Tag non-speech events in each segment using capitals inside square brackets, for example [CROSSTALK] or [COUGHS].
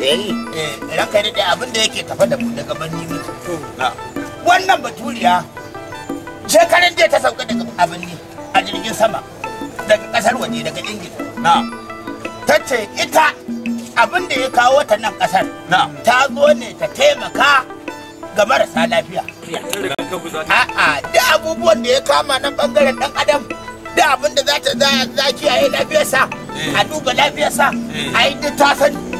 Eh, eh ranka ne da abin da yake tafa da mu daga banni ne wannan baturiya shekarun da ta sauka daga abin ne a jirgin sama daga kasar waje daga ingila na ta ce ita abin da ya kawo ta nan kasar ta zo ne ta taimaka ga marasa lafiya a'a da abubuwan da ya kama na bangaren dan adam da abin da za ta za kiyaye lafiyarsa eh. a duba lafiyarsa eh. a yi ta sani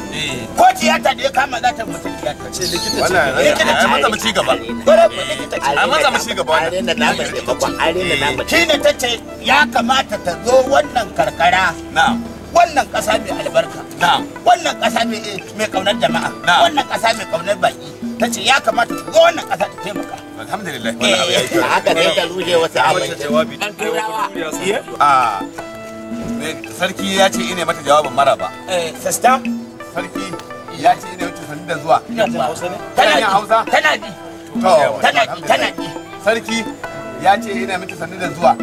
ko tiyata da ya kama za ta mutu tiyata ce likita ce likita ce mata mu ci gaba bare ku likita ce a mata mu ci gaba wannan na namu ce ba are na ce ya kamata ta zo wannan karkara na'am wannan kasa mai albarka na'am wannan kasa mai mai kaunar jama'a wannan kasa mai kaunar baki ce ya kamata ta zo wannan kasa ta taimaka alhamdulillah wannan abu ya yayi a haka dai ta ruje wata abin an turawa a sarki ya ce ine mata jawabin maraba eh sister sarki ya ce ina wuce sanin da zuwa ina ji to tana ji tana ji sarki ya ce ina miki sanin da zuwa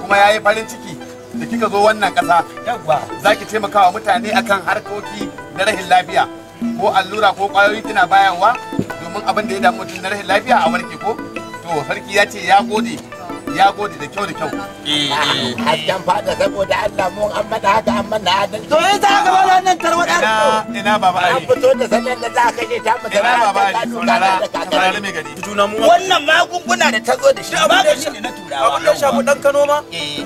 kuma yayi farin ciki da kika zo wannan kasa yawa zaki taimakawa mutane akan harkoki na rahin lafiya ko allura ko kwayoyi kina bayanwa domin abin da ya damu mutum na rahin lafiya a warke ko to sarki ya ce ya gode ya gode da kyau da kyau eh, eh. hasken fata saboda Allah mun an faɗa haka an manna adalci to za haka ba da nan tarwaɗa ina ina baba ali an fito da sallan da za ka je ta mu ina baba ali saurara saurara mai gari tuna mu wannan magunguna da ta zo da shi ba ga shi ne na turawa abin da shafi dan eh. Kano ma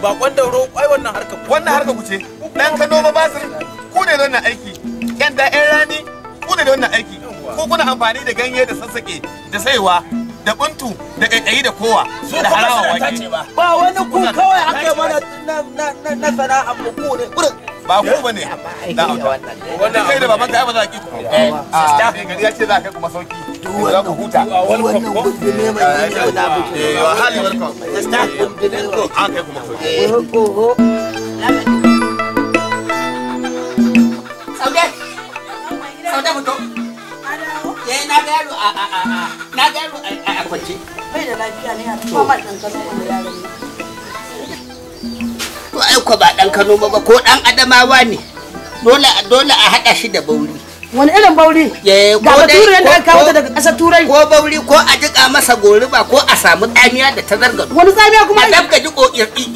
ba kwanda roƙo ai wannan harka wannan harka ku ce dan Kano ma basir ku ne wannan aiki yan da yan rani ku ne wannan aiki ko kuna amfani da ganye da sassaƙe da saiwa da buntu da ƙaiƙayi da kowa su da harawa wake ba wani ku kawai aka mana na sana'a mu ku ne kurin ba ku bane da wannan kai da baban ka ba za ki ku a eh, ah, gari ya ce za ka kuma sauki za ku huta wannan gudu ne mai yi da buki wa hali barka ta gudu ne ko aka kuma sauki eh na a a a na a bai da lafiya ne dan kano to ai ko ba dan kano ba ko dan adamawa ne dole dole a hada shi da bauri wani irin bauri eh, ga baturen da aka wata daga ƙasar turai ko bauri ko a jika masa goriba ko a samu tsamiya da ta zarga wani tsamiya kuma a dabka jiko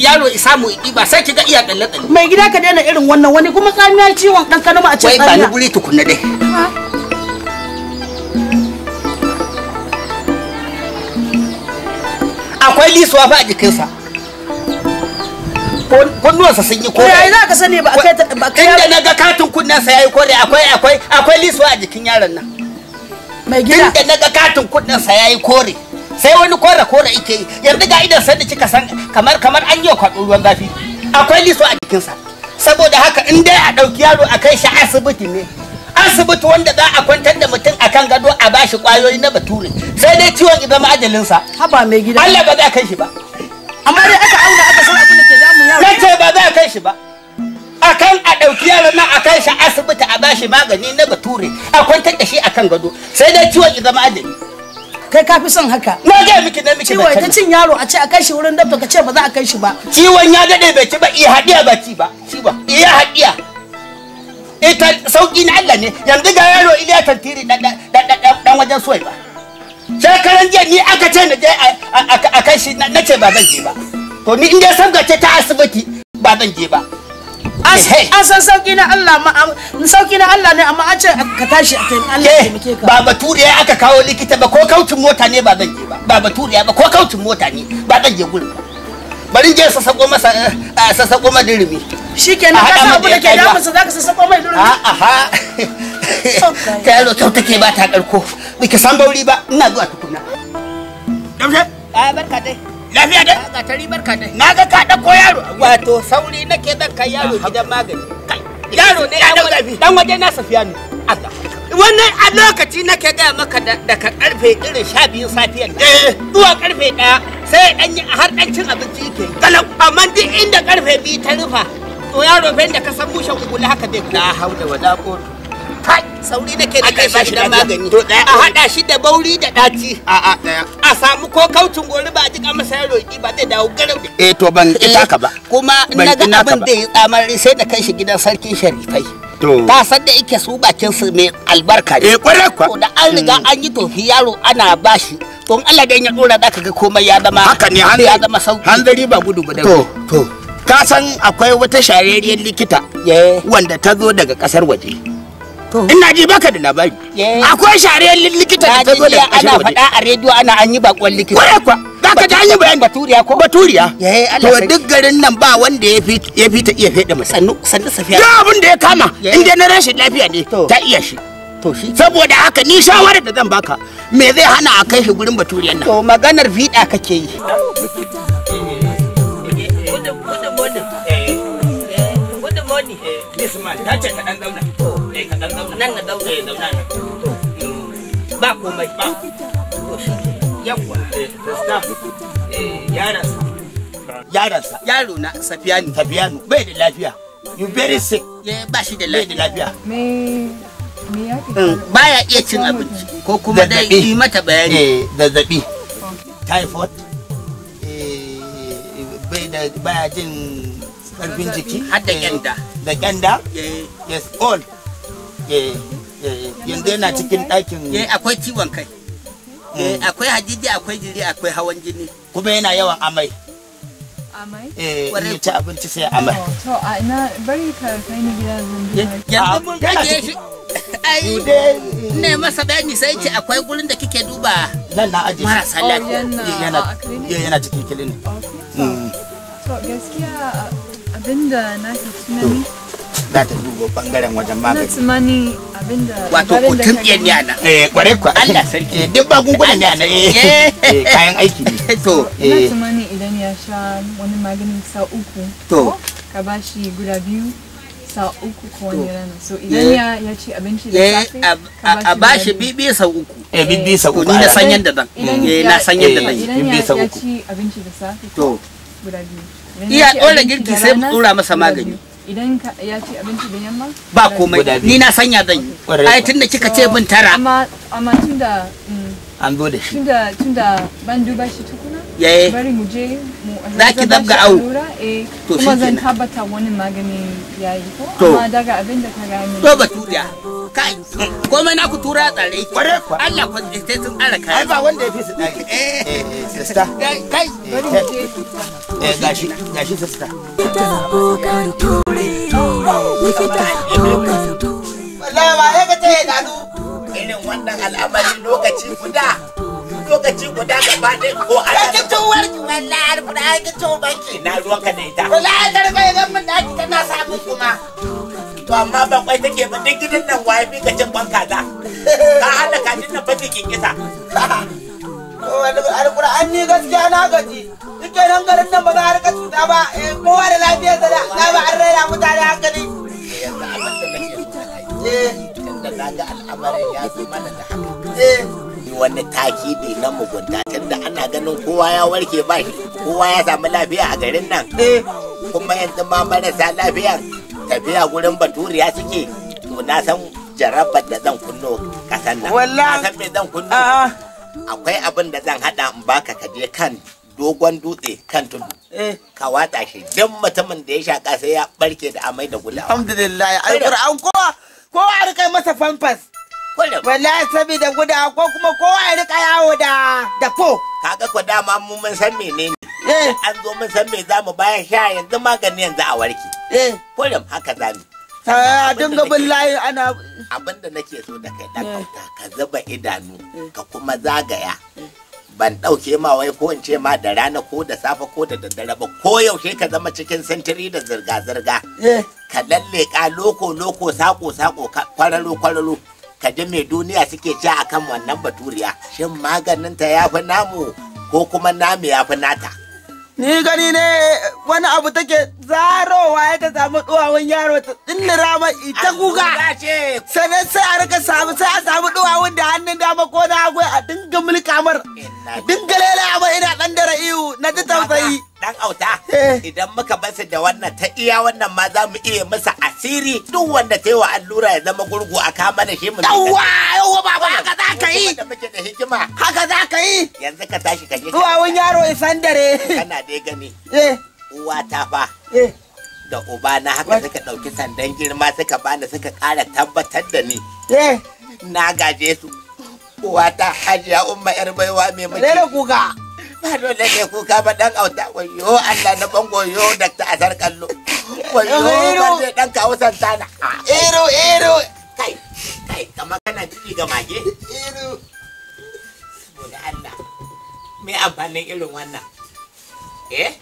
yaro isamu ba sai kiga iya tsalle tsalle mai gida ka daina irin wannan wani kuma tsamiya ciwon dan kanama a cikin tsamiya wai ba ni guri tukunna dai akwai lisuwa ba a jikinsa kunnuwansa sun yi kore yayi za ka sani ba kai ba kai inda naga katin kunnensa yayi kore akwai akwai akwai lisuwa a jikin yaron nan mai gida inda na ga katin kunnensa yayi kore sai wani kore kore yake yi yanzu ga idan sai da kika san kamar kamar an yi kwaɗo ruwan zafi akwai lisuwa a jikinsa saboda haka in dai a ɗauki yaro a kai shi asibiti ne asibiti wanda za a kwantar da mutum a kan gado a bashi kwayoyi na bature sai dai ciwon idan ma'ajalinsa haba mai gida Allah ba za a kai shi ba amma dai aka auna aka san abin da ke damun yaro nace ba za a kai shi ba akan a dauki yaron nan a kai shi asibiti a bashi magani na bature a kwantar da shi a kan gado sai dai ciwon zama ajali kai kafi son haka na ga miki na miki ciwon ta cin yaro a ce a kai shi wurin dabba ka ce ba za a kai shi ba ciwon ya dade bai ci ba iya hadiya ba ci ba ci ba iya hadiya ita eh, sauki na Allah ne yanzu ga yaro Iliya Tantiri dan wajen suwai ba shekaran jiya ni aka ce na je a kai shi na ce ba zan je ba to ni in dai sabga ce ta asibiti ba zan je ba an san sauki na Allah sauki na Allah ne amma an ce ka tashi a kai Allah ya taimake ka ba baturiya aka kawo likita ba ko kaucin mota ne ba zan je ba ba baturiya ba ko kaucin mota ne ba zan je gurin ba bari je sassako masa eh, sassako madirimi shikenan ka san abu da ke damun sa zaka sassako mai durin aha ta yaro kyau take ba ta karko ka san bauri ba ina zuwa tukuna damshe a barka dai lafiya dai ga tari barka dai na ga ka dauko yaro wato sauri nake dan kai yaro gidan magani yaro ne dan waje na safiya ne Allah wannan a lokaci nake gaya maka daga karfe irin sha biyun safiyar nan eh. zuwa karfe daya sai dan har dan cin abinci yake kalau amma duk inda karfe biyu ta rufa to yaro bai da ka san bushe kugula haka bai na hauda wala kotu kai sauri nake da kai bashi da magani to daya a hada shi da bauri da daci a a daya a samu ko kaucin gori ba a jika masa yaro ki ba zai dawo garau eh to ban eh, ita ka ba kuma na ga abin da ya tsamari sai da kai shi gidan sarkin sharifai to ta san da yake su bakin su mai albarka ne eh kwarai kwa da an riga mm. an yi tofi yaro ana bashi to in Allah da ya dora ka ga komai ya zama haka ne hanzari ba gudu ba to to ka san akwai wata shararriyar likita eh. wanda ta zo daga kasar waje ina ji baka da labari eh. akwai shararriyar likita da ta zo daga kasar waje ana faɗa a rediyo ana an yi bakon likita kwarai kwa za ka ji an yi bayani baturiya ko baturiya eh, to duk garin nan ba wanda ya fi ta iya fede masa sannu sannu safiya duk abin da ya kama in dai na rashin lafiya ne ta iya shi saboda haka ni shawarar da zan baka me zai hana a kai shi gurin baturiyan nan to maganar fiɗa kake yi isma ta ce ka dan zauna eh, ka dan zauna nan na zauna ya eh, zauna nan ba komai ba yawwa eh, yaransa yaro na safiyanu safiyanu bai da lafiya you very sick ba shi da lafiya mm. baya iya cin abinci ko kuma dai yi mata bayani zazzabi typhoid baya jin karfin jiki har da kyanda eh, da kyanda eh. yes all eh, yanzu yana cikin ɗakin akwai ciwon kai hmm. akwai hajiji akwai jiri akwai hawan jini kuma yana yawan amai amai? Eh, ci abinci sai amai. Oh, a ina bari ka kai ni ne ah, [LAUGHS] masa bayani sai ce akwai gurin da kike duba. Nan na oh, Yana cikin To gaskiya abinda na ke tunani. Za ta dubo bangaren wajen magani. Na tunani abinda. Wato kutun ɗiyan ne ana. Eh kwarai Allah sarki. Eh, duk magungunan ne ana. Eh, eh. eh kayan aiki ne. [LAUGHS] To. Na tunani idan ya sha wani sa uku. To. Ka ba guda biyu. sa uku ko wani rana so idan ya ci abinci da safe ba shi bibi sa uku eh bibi sa uku ni na eh na idan ya ci abinci da safe to guda biyu iya dole girki sai mu masa magani idan ya ci abinci da yamma ba komai ni na sanya zan yi ai tunda kika ce bin tara amma amma tunda mm, an zo da shi tunda tunda ban duba shi yaye bari mu je za ki zabga awo eh, to kuma zan tabbata wani magani yayi ko amma daga ka gani to baturiya kai komai na ku tura tsare kware kwa Allah ku sai sun tsara kai ai ba wanda ya fi su dai eh. eh sister kai bari mu je eh gashi gashi sister wallahi ba ya ga ta yi dadu irin wannan al'amari lokaci guda lokaci guda gaba ɗaya ko a nan. Ka to warki wallahi alfura ka to banki. Na ruwan ka da ita. ta riga idan daki tana samu kuma. To amma ba kwai take ba duk gidan nan waye bi ka cin banka za. Ka hada kajin nan fata kin kisa. [LAUGHS] Alƙur'an ni gaskiya na gaji. Duk nan garin nan ba za a rika cuta ba. Eh, kowa da lafiyarsa da ba an raina mutane hankali. Yanzu da a eh. Tunda na ga al'amarin ya zo mana da bi wani ne na mugunta tunda ana ganin kowa ya warke ba kowa ya samu lafiya a garin nan eh, kuma yanzu ma marasa lafiya tafiya gurin baturiya suke to na san jarabar da zan kunno kasan nan na san me zan kunno ah, ah. akwai abin da zan hada in baka ka je kan dogon dutse kan tudu eh. ka watsa shi duk mutumin da ya shaka sai ya barke da amai da gulawa alhamdulillah ai kowa kowa a rika masa famfas wallahi saboda guda ko kuma kowa ya rika yawo da da fo kaga ko dama mu mun san menene eh an zo mun san me za mu baya sha yanzu magani yanzu a warke eh kullum haka mu. a dinga bin layi ana abinda nake so da kai dan kauta eh. ka zuba idanu eh. ka kuma zagaya eh. ban ɗauke ma wai ko in ce ma da rana ko da safe ko da daddare ba ko yaushe ka zama cikin sintiri da zirga-zirga ka lalle ka loko loko sako sako kwararo kwararo ka mai duniya suke ci a kan wannan baturiya shin maganinta ta ya fi namu ko kuma namu ya fi nata ni gani ne wani abu take zarowa ya ta samu duwawan yaro ta tsinna rama ita guga sannan sai a rika samu sai a samu duwawan da hannun dama ko na hagu a dinga mulkamar dinga lela ma ina dan dara ra'iyu na ji tausayi dan auta eh. idan muka basu da wannan ta iya wannan ma za mu iya masa asiri duk wanda ta yi wa allura ya zama gurgu a kama da shi mu yawwa yawwa baba haka za ka yi haka za ka yi yanzu ka tashi ka je wani yaro isan dare kana dai gani eh. uwa ta fa eh. da uba na haka suka ɗauki sandan girma suka bani suka ƙara tabbatar da ni na gaje su uwa ta hajiya umma yar baiwa mai mace kuka ba da ne kuka ba dan auta wayo Allah na bango yo dakta azar kallo wayo ero dan kawo santana ero ero kai kai kama kana ji ga mage ero saboda Allah me amfanin irin wannan eh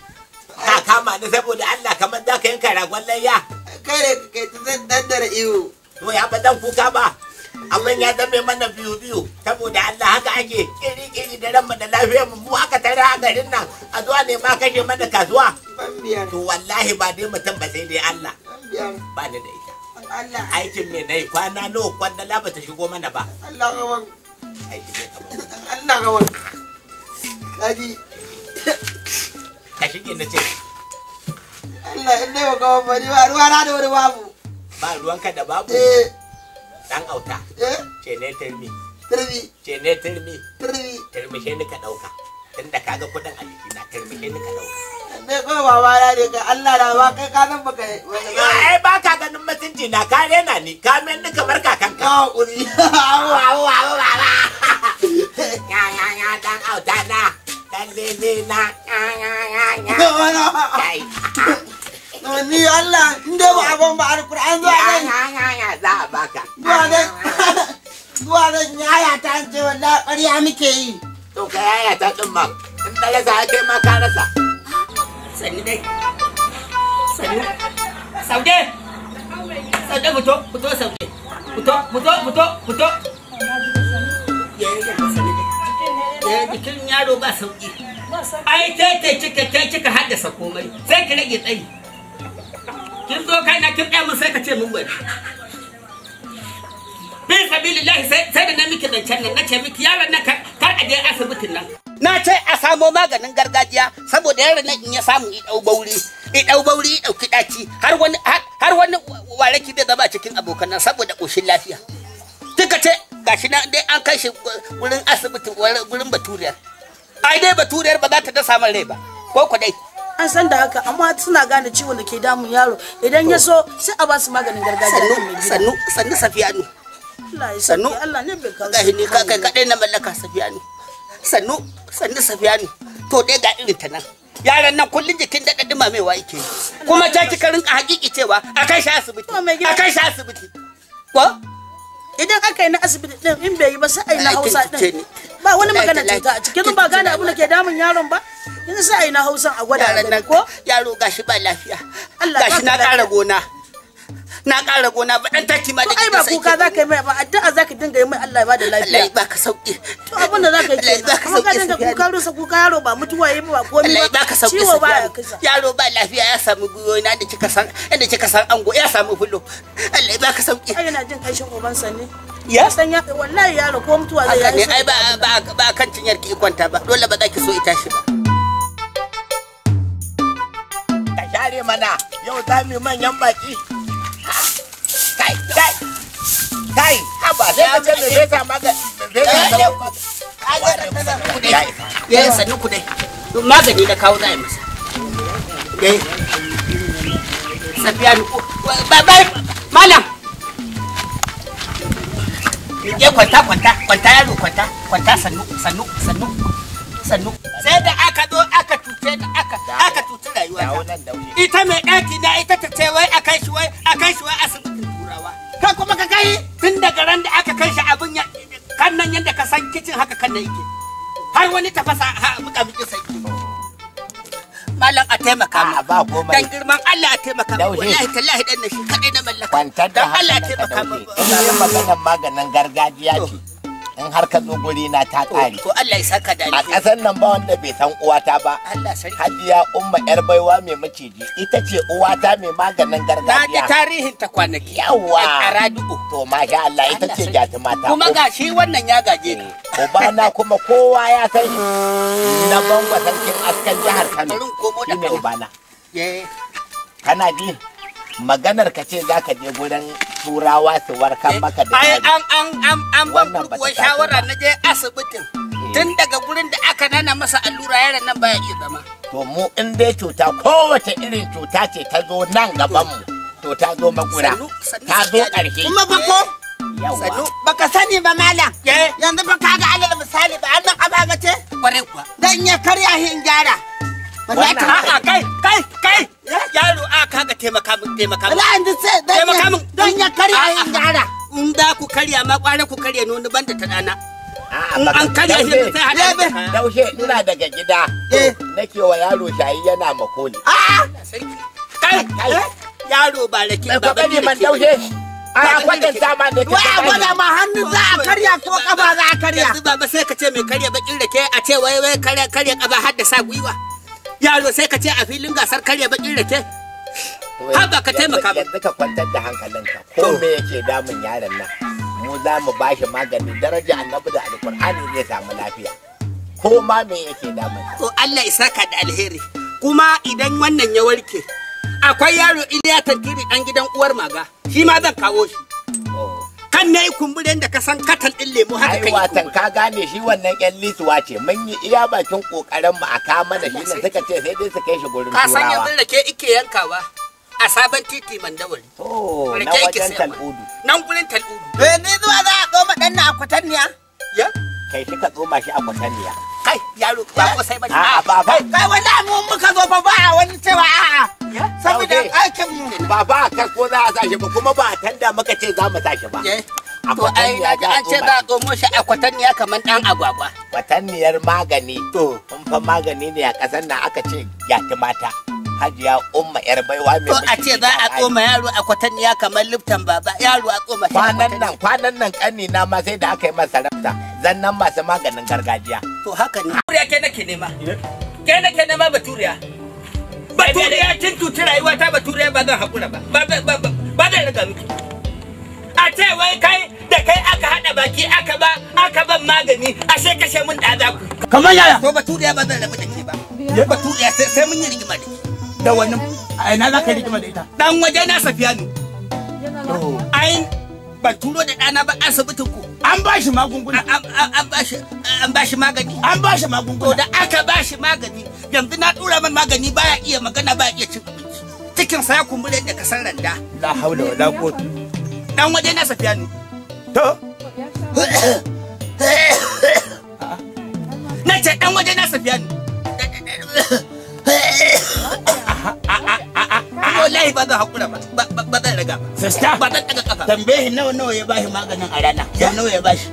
ka kama ne saboda Allah kamar za ka yanka ragon layya kai kai ta zan dandara iyo to ya ba dan kuka ba amma ya zame mana biyu biyu saboda Allah haka ake kiri kiri da ranmu da lafiyar mu mu aka tare a garin nan a zuwa ne ma kashe mana kasuwa to wallahi ba dai mutum ba sai dai Allah ba ni da ita aikin me nayi kwana nawa kwana la ba ta shigo mana ba Allah gawan aikin me ka Allah gawan kaji ka shige na ce Allah gawan ba ni ba ruwa na da wani babu ba ruwanka da babu eh Dan auta. Eh? Ce ne turmi. Turmi. Ce ne turmi. Turmi. Turmi ɗauka. Tunda kaga kuɗin a jiki na turmi shi ɗauka. Ne kawai baba ne ka Allah da ba kai ka nan baka wani ba. Ai ba ka ganin mutunci na ka rena ni ka men ni kamar kakanka. Ka hakuri. Awo awo awo Ya ya ya dan auta na. Dan lele na. Ya ya ya ya. ni Allah in dai ba abin ba alkur'an zuwa nan ya za a baka zuwa nan zuwa nan yaya ta ce wallahi ƙarya muke yi to ka yaya ta din ma in na rasa ake ma ka rasa sani dai sani saude saude fito fito saude fito fito fito fito jikin yaro ba sauki ai ta ta kika ta kika haddasa komai sai ki rage tsayi kin zo kai na kin ɗaya mun sai ka ce mun bari bin sabilillahi sai da na miki zancen nan na ce miki yaron nan kar a je asibitin nan na ce a samo maganin gargajiya saboda yaron nan in ya samu i dau bauri i dau bauri i dauki daci har wani har wani waraki bai zama cikin abokan nan saboda koshin lafiya duka ce gashi na dai an kai shi gurin asibitin gurin baturiyar ai dai baturiyar ba za ta dasa min rai ba ko ku dai an san da haka amma suna gane ciwon da ke damun yaro idan ya so sai a ba su maganin gargajiya sannu sannu safiyanu sannu Allah ne bai kawo gashi ne ka kai kadai na mallaka safiyanu sannu sannu safiyanu to dai ga irin ta nan yaran nan kullun jikin da dadima mai wa yake kuma ta karin a hakiki cewa kai shi asibiti kai shi asibiti ko idan aka yi na asibiti din in bai yi ba sai a yi na Hausa din ba wani magana cuta a cikin ba gane abin da ke damun yaron ba yanzu sai ai na Hausan a gwada da ko yaro gashi ba lafiya Allah gashi na ƙara gona na ƙara gona ba dan taki ma da ai ba kuka za ka yi mai ba addu'a za ka dinga yi mai Allah ba da lafiya Allah ba ka sauki to abin da za ka yi kenan kuma ka dinga kuka rusa kuka yaro ba mutuwa yi ba komai ba ba ka sauki ciwo ba yaro ba lafiya ya samu guyo na da kika san inda kika san ango ya samu fulo Allah ba ka sauki ai na jin kanshin ubansa ne ya san ya wallahi yaro ko mutuwa zai yi ai ba ba ba kan cinyar ki kwanta ba dole ba za ki so ita shi ba ka share mana yau za mu manyan baki kai kai kai ka ce zai zai eh? ka magani na kawo za a yi masa dai eh. safiya ni ko malam ya kwanta kwanta kwanta yaro kwanta kwanta sannu sannu sannu sannu sai da aka zo aka tuce da aka aka tuce rayuwa ita mai ɗaki na ita ta ce wai a kai shi wai a kai shi wai asibitin turawa kai kuma ka kai tun daga ran da aka kai shi abin ya kan nan yadda ka san kicin haka kan nan yake har wani tafasa ha muka muke sai Allah a taimaka mu. Ba komai. Dan girman Allah a taimaka mu. Wallahi tallahi dan na shi kadai na mallaka. Dan Allah a taimaka dauke. Ina maganar maganin gargajiya ce. in har ka zo guri na ta kare to Allah ya saka dani. a kasan nan ba wanda bai san uwata ba Allah sarki Hajiya Umma yar baiwa mai maciji ita ce uwata mai maganin gargajiya na ji tarihin ta kwanaki yawa a radio to ma sha Allah ita ce mata. kuma ga shi wannan ya gaje ni eh, ubana kuma kowa ya san shi na bango sarkin askan jihar Kano da shine ubana eh. kana ji maganar ka ce zaka je gurin turawa su warkar eh, maka da ai an an an an ban kurkuwa shawara na je asibitin eh. tun daga gurin da aka nana masa allura yaran nan baya iya zama to mu in dai cuta kowace irin cuta ce ta zo nan gaban mu to ta zo magura ta zo ƙarshe kuma ba ko Sanu, baka sani ba malam. Eh. Yanzu ba ka ga alal misali ba annan ababa ce? Kwarai kuwa. Dan ya karya hin gyara. a'a kai kai kai eh? yaro a kaga taimaka min taimaka min yanzu sai taimaka min don ya karya yin yara in da ku karya ma kware ku karya ni wani banda ta dana an karya shi sai hada daushe ina daga gida eh. nake wa yaro shayi yana makoni a'a kai eh? yaro ba rake ba ba ne man daushe a kwatan sama ne ka ta gwada ma hannu za a karya ko kafa za a karya yanzu ba sai ka ce mai karya bakin rake a ce wai wai karya karya kafa har da sa gwiwa yaro sai ka ce a filin gasar karya bakin rake haba ka taimaka ba yanzu ka kwantar da hankalinka ko me yake damun yaron nan mu za mu shi magani daraja annabi da alkur'ani zai samu lafiya ko ma me yake damun to Allah ya saka da alheri kuma idan wannan ya warke akwai yaro Iliya Tantiri dan gidan uwar maga shi ma zan kawo shi kan ne kumburin da ka san katal din lemu haka kai watan ka gane shi wannan yan lituwa ce mun yi iya bakin kokarin mu a kama mana shi ne suka ce sai dai su kai shi gurin turawa ka san yanzu da ke ike yankawa a sabon titi mandawari oh na wajen tal'udu nan gurin tal'udu eh ni zuwa za a goma dan na niya ya kai shi ka tsoma shi niya kai yaro ba ko eh? sai ba a ba ba kai wallahi mun muka zo fa ba wani cewa a'a saboda aikin ba ba ka ko za a sashi ba kuma ba tanda maka ce za mu sashi ba to ai na ji an ce za a tsomo shi a kwatanniya kamar ɗan agwagwa kwatanniyar magani to kun fa magani ne a kasar nan aka ce yati mata hajiya umma yar baiwa mai to a ce za a koma yaro a kwatanniya kamar liftan baba yaro a tsoma kwanan nan kwanan nan kanni na ma sai da aka yi masa rafta zannan masu maganin gargajiya to haka ne ke nake nema ke nake nema baturiya bature ya tun tuti rayuwa ta bature ba zan haƙura ba ba zan raga miki a ce wai kai da kai aka haɗa baki aka ba aka ban magani ashe kashe mun da za ku kamar yaya to bature ba zan rabu da ke ba bature sai mun yi rigima da ke da wani a ina za ka rigima da ita dan waje na safiya ne ai ba turo da ɗana ba asibitin ku an ba shi magunguna an ba shi magani an ba shi magunguna to da aka ba shi magani yanzu na dura man magani baya iya magana baya iya cin abinci cikin sa ya kumbure da kasar randa la haula wala quwwata dan waje na safiya ne to na ce dan waje na safiya ne wallahi ba zan hakura ba daga sista ba zan daga kafa tambayi nawa nawa ya bashi maganin a rana ya nawa ya bashi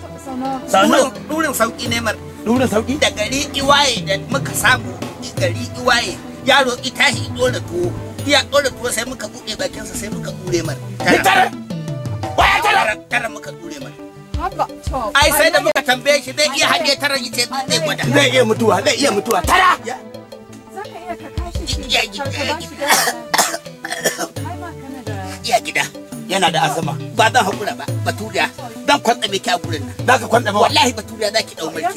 sau nawa durin sauki ne mar durin sauki da gari iwaye da muka samu gari iwaye yaro i tashi i dole tuwo iya dole tuwo sai muka buɗe bakinsa sai muka dure mar tara waya tara tara muka dure mar ai sai da muka tambaye shi zai iya hange tara yace zai gwada zai iya mutuwa zai iya mutuwa tara zaka iya ka kashi shi ka ba [COUGHS] gida yana da azama ba zan haƙura ba baturiya zan kwanta miki a gurin nan zaka kwanta ba wallahi baturiya zaki dau mulki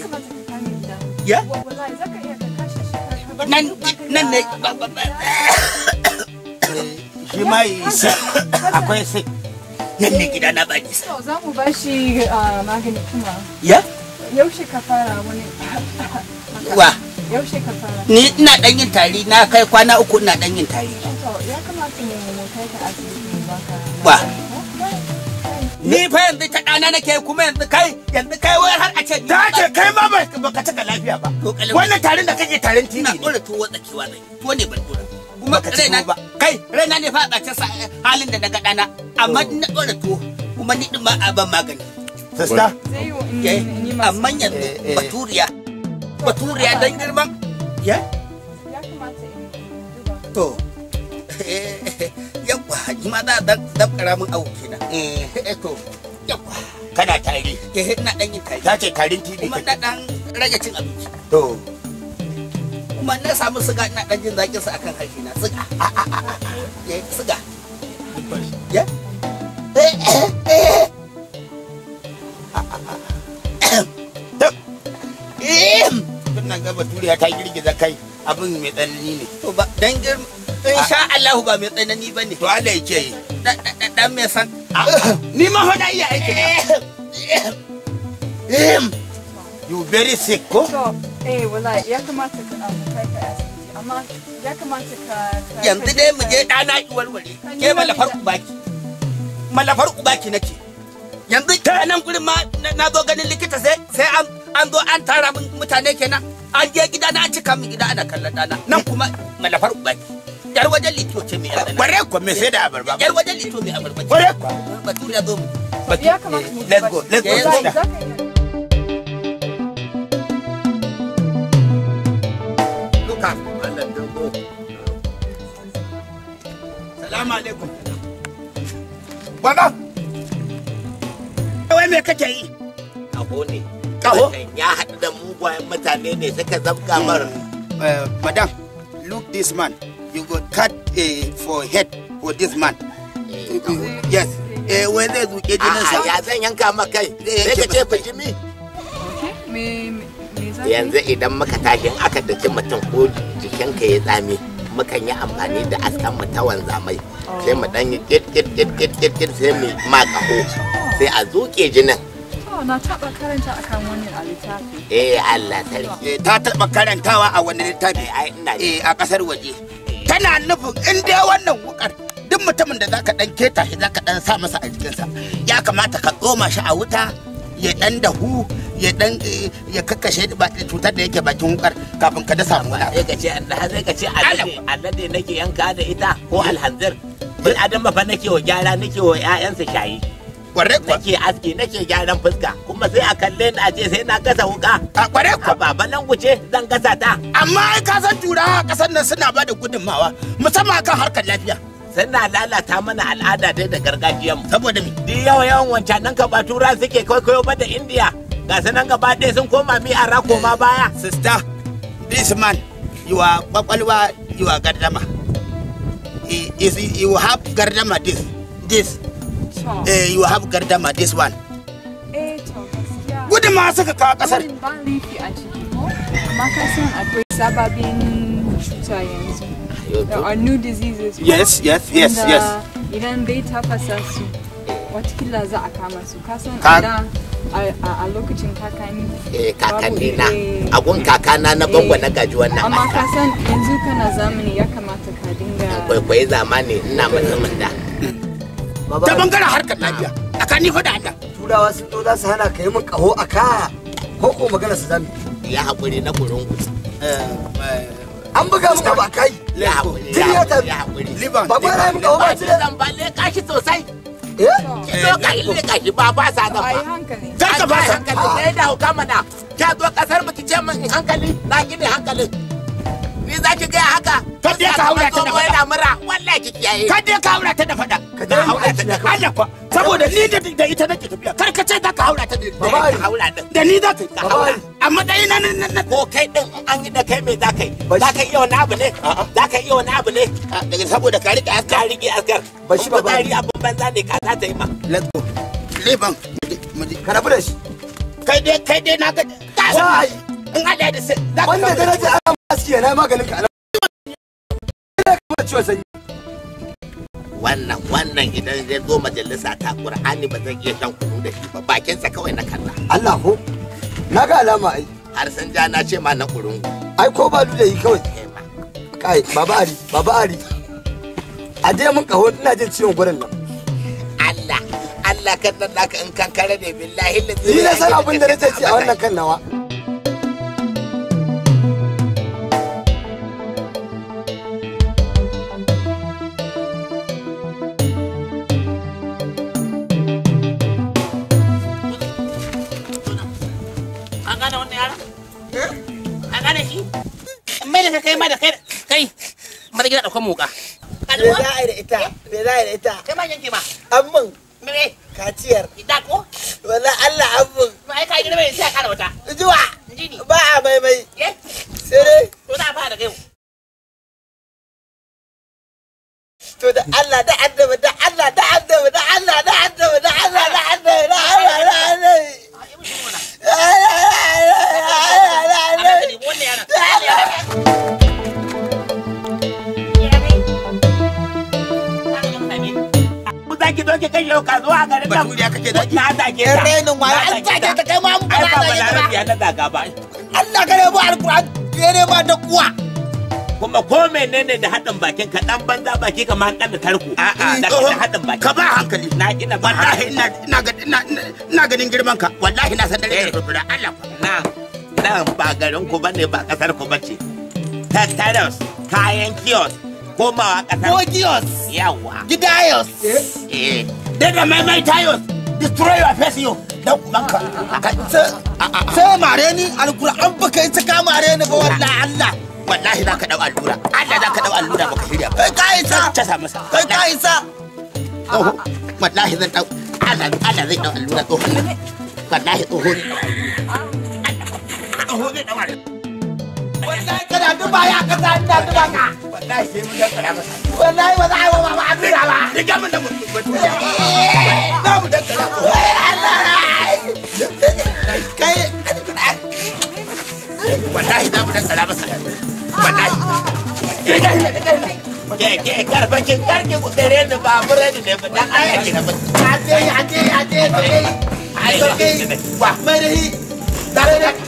ya nan nan ne eh, shi ma yi sai akwai sai nan ne gida na bani sai za mu bashi ah, magani kuma ya yaushe ka fara wani wa yaushe ka fara ni ina dan yin tari na kai kwana uku ina dan yin tari ya kamata mu kai ka asibiti ba ni fa yanzu ta ɗana nake kuma yanzu kai yanzu kai wai har a ce ni ta ce kai ma ba ka baka taka lafiya ba wannan tarin da kake tarin tini na dole to tsakiwa ne to ne ban dora kuma ka ce ba kai raina ne fa tsace eh, halin da daga ga ɗana amma na dora to kuma ni din ma a ban magani sasta amma yanzu eh, eh. baturiya baturiya dan girman ya ya kamata to [LAUGHS] haji ma za a dan karamin awo kenan eh, eh to kana tari ke eh, ina dan yin tari kace tarin tv kuma dan rage cin abinci to kuma na samu siga ina dan jin zakin sa akan harshe na siga [LAUGHS] eh siga ya eh, eh nan ga baturiya ta girgiza kai abin mai tsanani ne to ba dan girma in sha Allahu ba mai tsanani ba ne. To Allah yake yi. Dan mai san. Ah. Ni ma hoda iya aiki na. You very sick ko? Eh wallahi ya kamata ka ah, ka amma ya kamata ka Yanzu dai mu je dana ki warware. Ke malafar ubaki. Malafar baki nake. Yanzu ta nan gurin ma na zo ganin likita sai sai an an zo an tara mutane kenan. An je gidana na an cika min gida ana kallon dana. Nan kuma malafar baki yar wajen ce mai kware ku me sai abarba abarba kware ku zo mu let's go let's go Luka. Salamu alaikum. me kake yi? Kaho ne. Kaho? Ya haɗu da mutane ne suka zabga eh, Madam, look this man. you got cut uh, for head for this man. Yes. Eh wai ah, zai Ya zan yanka ma ka Yanzu idan muka tashin aka daki mutum ko jikinka ya mukan yi amfani da askan mu ta wanzamai sai mu dan yi kit kit kit kit kit kit sai mu ma kaho sai a zuke jinin. na karanta kan wani a littafi. Eh Allah sarki. Eh, ta karantawa a wani littafi eh, a ƙasar waje. tana nufin in dai wannan wukar duk mutumin da zaka dan keta shi zaka dan sa masa a jikinsa ya kamata ka tsoma shi a wuta ya dan dahu ya dan eh, ya kakkashe cutar da yake bakin wukar kafin ka dasa mu sai ka ce Allah sai ka ce alade nake yanka da ita ko alhanzir bil adam ba nake wa gyara nake wa ƴaƴansa shayi Kware kwa. Nake aski nake gyaran fuska kuma sai a kalle ni a ce sai na gasa wuka. A kware kwa. Baba nan guce zan gasa ta. Amma ai ka san turawa kasan nan suna bada da gudunmawa musamman akan harkar lafiya. suna lalata mana al'ada dai da mu Saboda me? Duk yawa yawan wancan nan ba tura suke kwaikwayo ba da Indiya. Ga su nan gaba ɗaya sun koma mi a rako ma baya. Sista, this man, you are kwakwalwa, you gardama. You have gardama this, this. eh you have gardama this one eh to ka a ciki sababin cuta yanzu there new diseases yes yes yes yes a kama su ka a lokacin kakani eh, na eh, na na gaji wannan amma ka san yanzu kana zamani ya kamata ka dinga kwaikwayi zamani ina mutumin ta bangaren harkar lafiya a ka ni faɗa Allah turawa sun zo za su hana ka yi min kaho a ka ko ko magana su zami ya haƙuri na gurin gudu eh, eh, an buga mu ba kai ya haƙuri ya haƙuri liban ba ba na kaho ba ci zan balle kashi sosai eh? ki zo ka ile kashi ba ba sa zan ba zan ka ba sa hankali sai da hukamana na ta zo kasar mu ki ce min hankali na gine hankalin Me za ki gaya haka? Kada ka haura ta da faɗa. mura wallahi ki kiyaye. Kada ka haura ta da faɗa. ka haura ta da Allah kwa saboda ni da ita nake tafiya kar ka ce za ka haura ta da ka haura din. Da ni za ka haura. A na na ko kai din an yi da kai me za ka yi? Za ka iya wani abu ne? Za ka iya wani abu ne? Saboda ka riƙe askar riƙe askar. Ba shi ba ba. Ko abin banza ne ka za ta yi ma. Let's go. Leban. Ka rabu da shi. Kai dai kai dai na ga. Wai. In Allah ya da sai. Wanda daraja ciki yana maganin ka wannan wannan idan zai zo majalisa ta qur'ani ba zan iya shan kunu da shi ba bakinsa kawai na kalla Allah ko na ga alama ai har san ja na ce ma na kurungu ai ko ba da yi kawai kai baba ari baba ari a dai mun kaho ina jin ciwon gurin nan Allah Allah kan nan naka in kankare ne billahi ni na san abin da nake ci a wannan kan nawa ne kai ma da kai kai gida a da ita me da ita kai ma yanke ma kaciyar ko wala Allah sai ka ba a mai mai sai dai da kai to da Allah da annabi da Allah da da Allah da da Allah da da Allah da dibi wannan yaran zaki zo a garin nan baturiya kake zaki zake ta zake ta Allah kare mu alquran kare ba da kuwa kuma ko menene da haɗin bakin ka ɗan banza baki kamar dan da tarko a'a da haɗin baki ka ba hankali na ina ba wallahi ina ganin girman ka wallahi na san da rubura eh. Allah na nan ba garin ku bane ba kasar ku bace tattaros kayan kiyos komawa kasar ko kiyos yawa gidayos eh da maimai tayos destroy your face you. dan ubanka sai mare ni alkur'an ba kai ta mare ni ba wallahi Allah wallahi za ka dau allura Allah za ka dau allura baka shirya kai ka isa ta sa masa kai ka isa wallahi zan dau Allah Allah zai dau allura tsohon wallahi tsohon kaho zai dawa wallahi kana duba ya kasa ina duba ka wallahi sai mun dankara masa wallahi ba za a yi wa mama amira ba ni ga mun da mun za mu dankara wai Allah kai wallahi za mu dankara masa wallahi ke ke karban kin karki ku dare da babur da ne ba dan aya ki na ba ate ate ate to kai ai to kai wa mai rahi dare da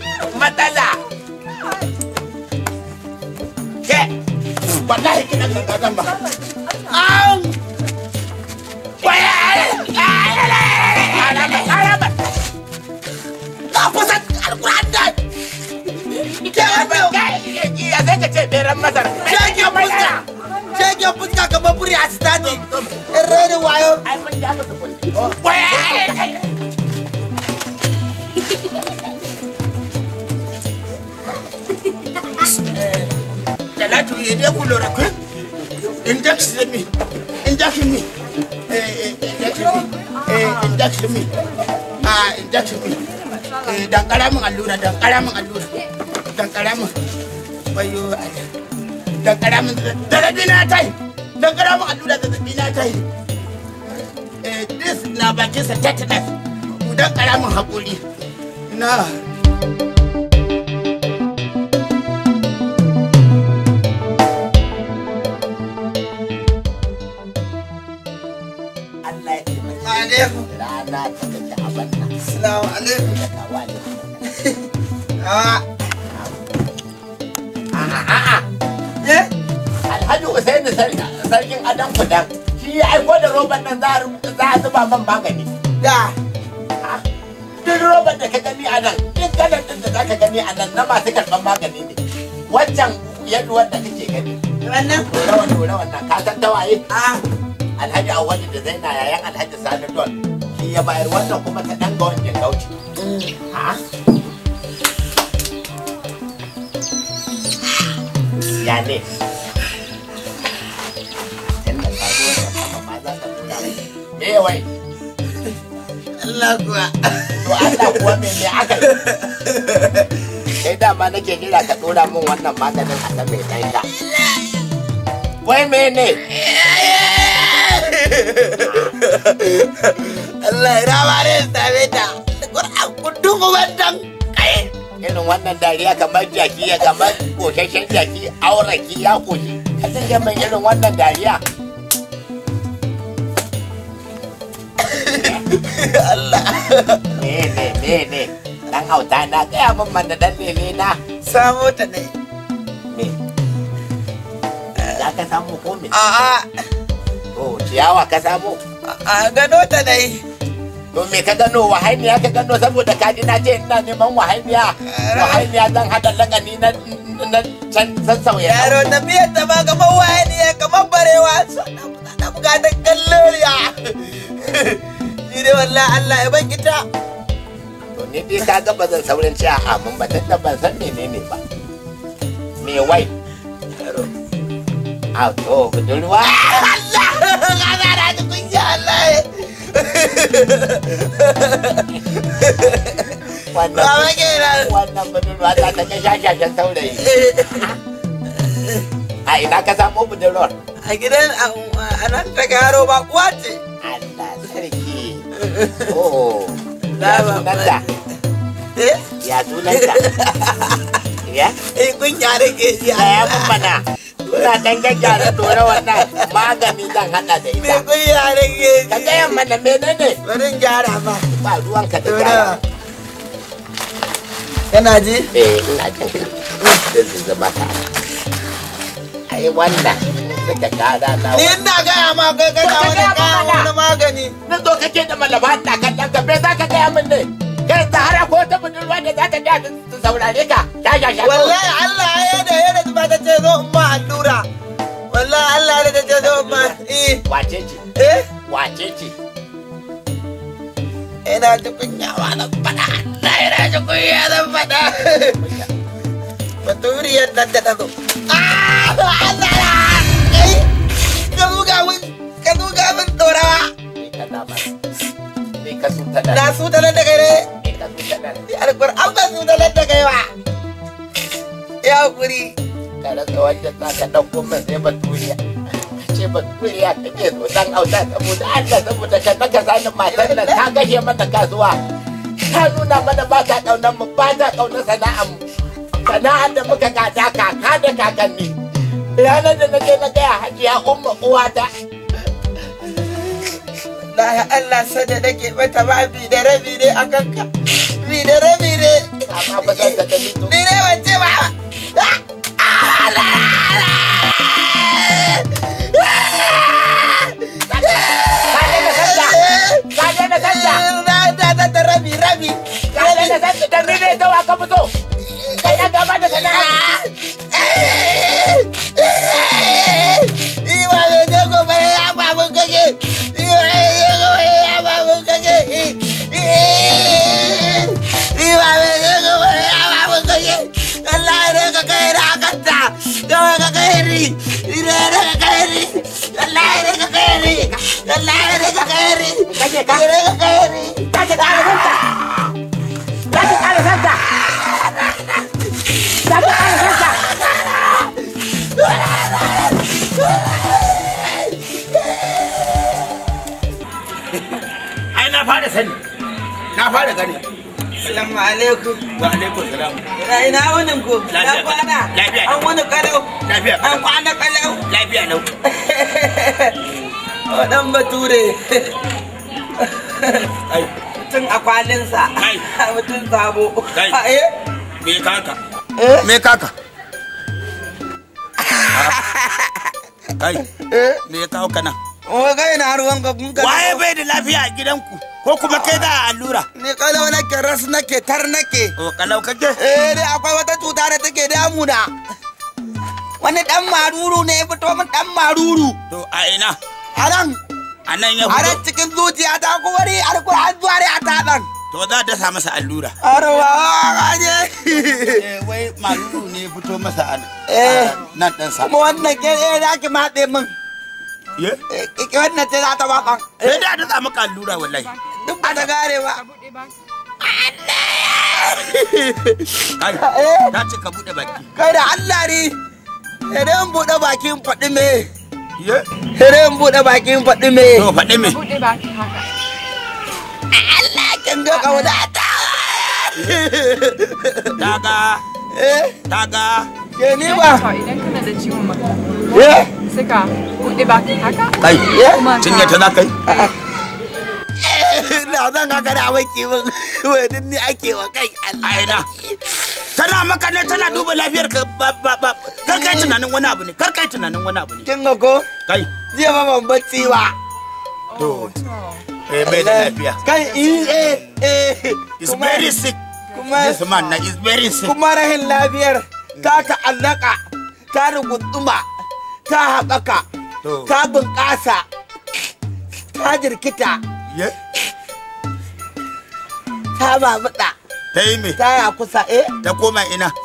matala. Che, wala hikinang nagagamba. Ang dankara min allura dankara min allura dankara min bayo Allah dankara zazzabi na tai dankara min allura zazzabi na tai eh this na bakin sa tetanus dankara min hakuri na Allah kuwa. To Allah kuwa me me aka yi. Kai dama nake jira ka dora min wannan maganin a kan mai ɗanka. Wai mene? Allah ya rama ne same ta. Kur'an kudu wannan kai. Irin wannan dariya kamar jaki ya kamar koshashen jaki auraki ya koshi. Kasan yamma irin wannan dariya. Allah me me me me dan hauta na gaya min man da dan lele na samo ta ne me za ka samu ko me a'a Ko ciyawa ka samu a gano ta ne to me ka gano wahainiya ka gano saboda ka na ce ina neman wahainiya wahainiya zan hada lakani na na can sassauya yaro na biyar ta ba kamar wahainiya kamar barewa na bukatar kalloriya [LAUGHS] ni dai Allah ya ban ita to ni dai kaga ba zan saurin ci a amin ba tunda ban san menene ba me wai a to budurwa Allah ka zara kun kunya Allah wannan wannan budurwa ta ta shashashen taurayi a ina ka samu budurwar a gidan a nan ta garo ba kuwa ce Allah sarki Oh. Ya sunanta. ¿Eh? Ya sunanta. Ya? Eh kun yare ke a Ya mun bana. Kuna dan gaggyara dora wannan magani zan hada da ita. Me kun yare ke ji. Ka ga mana da menene? Barin gyara ba. Ba ruwan ka da gyara. Kana ji? Eh ina Zai zama ta. Ai wannan. suka kara na wani. Ni ina gaya ma kai kana wani kaya wani magani. Na zo kake da malaba ta kallon ɗan gabe za ka gaya min ne. Kai ta hara ko ta budurwa da za ta gaya ta saurare ka. Ta sha sha. Wallahi Allah ya da ya da ba ta ce zo in ma allura. Wallahi Allah ya da ta ce zo in ma. Eh. Wace ce? Eh? Wace ce? Ina ji kunyawa na faɗa. Na ina ji kunya na faɗa. Baturiyar nan da ta zo. Ah! Allah! N'a su da nan da kai ne ni alkur an ba su da nan da kai ba ya guri ka rasa wajen za ka ɗauko min sai baturiya ce baturiya take so dan auta saboda Allah saboda ka daga sanin matan nan ta gaje mana kasuwa ta nuna mana ba ta ƙaunar mu ba ta ƙaunar sana'ar mu sana'ar da muka gada kaka da kakanni ranar da na je na gaya hajiya umma uwata wallahi Allah sada da nake mata ba bi da rabi ne a kanka bi da rabi ne ni ne wace ba Rabi, da Kai da dawa ka kairi ire da ka kairi wallahi ka kairi wallahi da ka kairi ka ire ka kairi kake ka da santa kake ka da santa kake ka da santa ai na fara sani na fara gani Assalamu alaikum. Wa alaikum salam. Ina wunin ku? Na kwana. Lafiya. An wani kalau. Lafiya. An kwana kalau. Lafiya nau. [LAUGHS] Wadan bature. [LAUGHS] Ai. Tun a kwalinsa. Ai. Mutum sabo. Ai. [LAUGHS] Eh? Me kaka? Eh? Me kaka? Ah. Ai. Eh? Me kawo kana? O kai na ruwan ka kun ka. Waye bai da lafiya a gidanku ko kuma kai za a allura. Ni kalau nake ras nake tar nake. O kalau kake. Eh dai akwai wata cuta da take damuna. Wani dan maruru ne ya fito min dan maruru. To a ina? A nan. A nan ya fito. A nan cikin zuciya ta kuwari alkur'an zuwa ne a taɗan. To za a dasa masa allura. Arwa gaje. Eh, wai maruru ne ya fito masa eh. nan ɗansa. Kuma wannan ke ɗaya da ake matse min. Eh? Eh, wannan ce za ta bakan sai da ta samu kallura wallahi duk ba ta gare ba Allah [LAUGHS] eh? ta ce ka buɗe baki kai da Allah ne bakin faɗi me buɗe bakin faɗi me to faɗi me bude baki haka Allah kin ga daga daga ke ba idan kana da ciwon maka sai ka buɗe baki haka kai cinye ta na kai na zan haka da wai kimin wai din ake wa kai Allah tana maka ne tana duba lafiyar ka kar kai tunanin wani abu ne kar kai tunanin wani abu ne kin ga ko kai zai ba ban bacci ba to oh, eh bai da lafiya kai eh eh very sick kuma man na is very sick kuma rahin lafiyar ta ta'allaka ta ruguduma ta haɓaka ta bunƙasa ta jirkita ta babuɗa ta yi ta ya kusa eh ta koma ina [LAUGHS]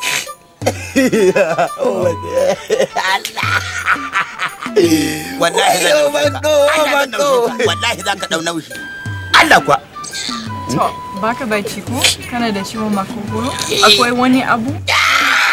[LAUGHS] wallahi za ka Allah kuwa to baka baki ko kana da ciwon makogoro akwai wani abu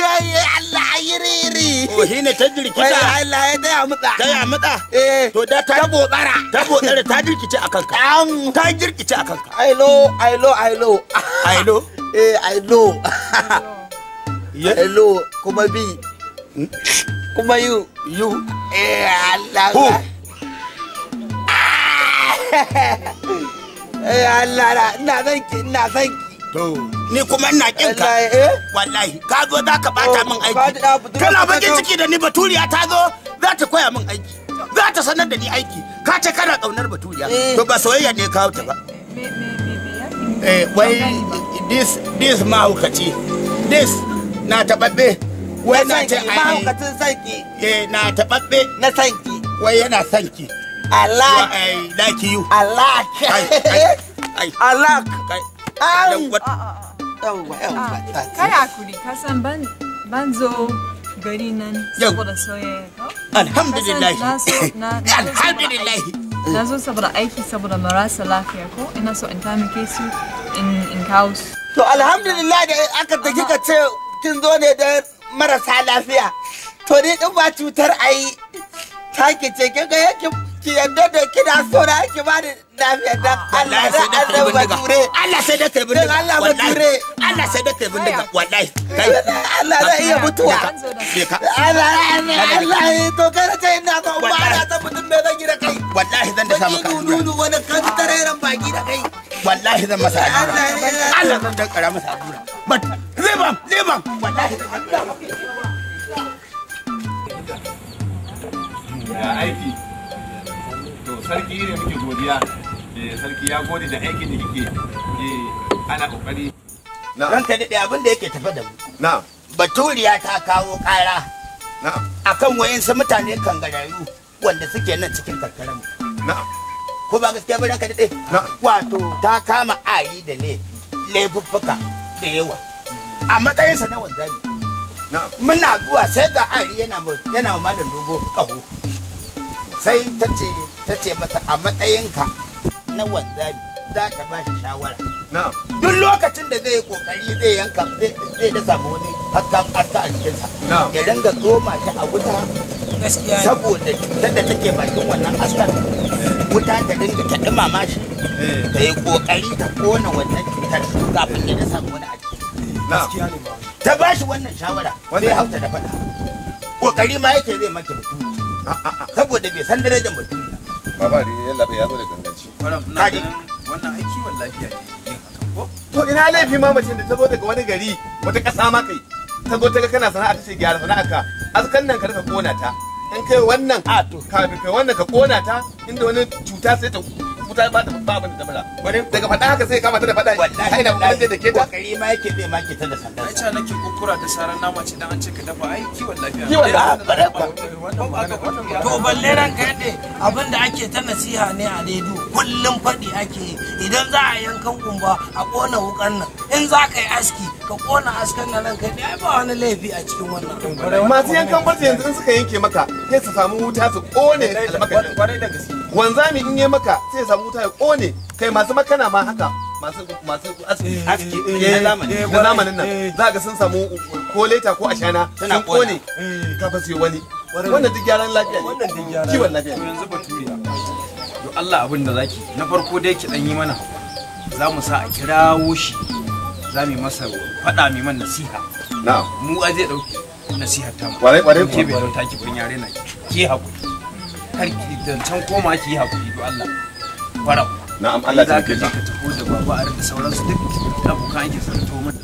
Allah yiri yiri. O shi ne ta jirkita. Allah ya taya mutsa. Taya mutsa. Eh. To da ta. Ta botsara. Ta botsara ta jirkice a kanka. An. Ta jirkice a kanka. Ailo, ailo, ailo. Ailo? [LAUGHS] Eh, ailo. Ailo, kuma bi. Kuma yu. Yu. Eh, Allah. Who? [LAUGHS] Eh, Allah, n'a son n'a ina To. ni kuma ina kin ka eh? wallahi ka zo za ka bata min oh, aiki kana bakin ciki da ni baturiya ta zo za ta koya min aiki za ta sanar da ni aiki ka ce kana kaunar baturiya eh. to ba soyayya ne ka ta ba eh wai this this this na tababbe wai na ce ai hukatin sanki eh na tababbe na sanki wai yana sanki I like, I like you. I like. I, I, I, I like. I, I, I, yawwa yawwa ah, kai hakuri ka san ban ban zo gari nan saboda soyayya alhamdulillah alhamdulillah na zo saboda aiki saboda marasa lafiya ko ina so in tamake su in kawo su to alhamdulillah da aka da kika ce kin zo ne da marasa lafiya to ni din ba cutar ayi take ce kin ga yake ki yadda da kina so na ki ba ni lafiya da Allah da Allah sai da kai bindiga Allah Allah sai da bindiga wallahi Allah da iya mutuwa Allah Allah eh, to ina ba na ta me zan kai wallahi zan da samu kai wani kan tarairan baki da kai wallahi Eh, sarki ya gode da aikin da kike eh, ana kokari ran ta daɗe abin da yake tafe da mu na'am baturiya ta kawo ƙara na'am akan wayansu mutane kangarayu wanda suke nan cikin karkarar mu ko ba gaskiya ba ranka daɗe wato ta kama ayi da ne laifuffuka da yawa a matsayinsa na wanzami muna zuwa sai ga ayi yana yana malam dogo ƙaho sai ta ce ta ce masa a matsayinka na wanzami za ta ba shi shawara duk lokacin da zai kokari zai yanka zai da samu wani hatta hatta a jikinsa ya dinga tsoma shi a wuta saboda cutar da take bakin wannan askan wuta ta dinga ta dumama shi eh. ta yi kokari ta kona wannan cutar kafin ya da samu wani a jiki ta ba shi wannan shawara sai hauta da faɗa kokari ma yake zai maki mutum ah, ah, ah. saboda bai san darajar mutum ba ba ya zo daga kaji wannan aiki kiwon lafiya ne to ina laifi ma mace da ta zo daga wani gari wata ƙasa ma kai ta zo ta ga kana sana'a ta ce gyara sana'a ka azkan nan ka rika kona ta in kai wannan a to kafin kai wannan ka kona ta inda wani cuta sai ta kuta ba ta ba abin da mala daga faɗa haka sai kama ta da faɗa ai na kuɗin da ke ta kokari ma yake zai ma ke ta da sanda ai nake kukura da saran nama ce dan an ce ka dafa ai kiwon lafiya kiwon lafiya to balle ran ka yade abin da ake ta nasiha ne a redu kullum faɗi ake yi idan za a yankan kumba a ƙona wukan nan in za ka yi aski ka kona askan nan ranka ne ai ba wani laifi a cikin wannan masu yankan barci yanzu in suka yanke maka sai su samu wuta su kone almakashin kwarai da gaske wanzami in yi maka sai su samu wuta ya kone kai masu makana ma haka masu masu aski eh, na eh, eh, zamanin nan za ga sun samu ko leta ko ashana sun kone ka fasiyo wani wannan duk gyaran lafiya ne kiwon lafiya ne yanzu baturiya Allah abin da zaki na farko dai ki dan yi mana za mu sa a kirawo shi za mu masa faɗa mai man nasiha na mu a zai ɗauki nasiha ta mu kwarai kwarai ke bai rauta ki ban yare na ki haƙuri har ki dancan koma ki yi haƙuri do Allah farau na'am Allah ta kaje ka tafi da baba a da sauransu duk abokan ake to mana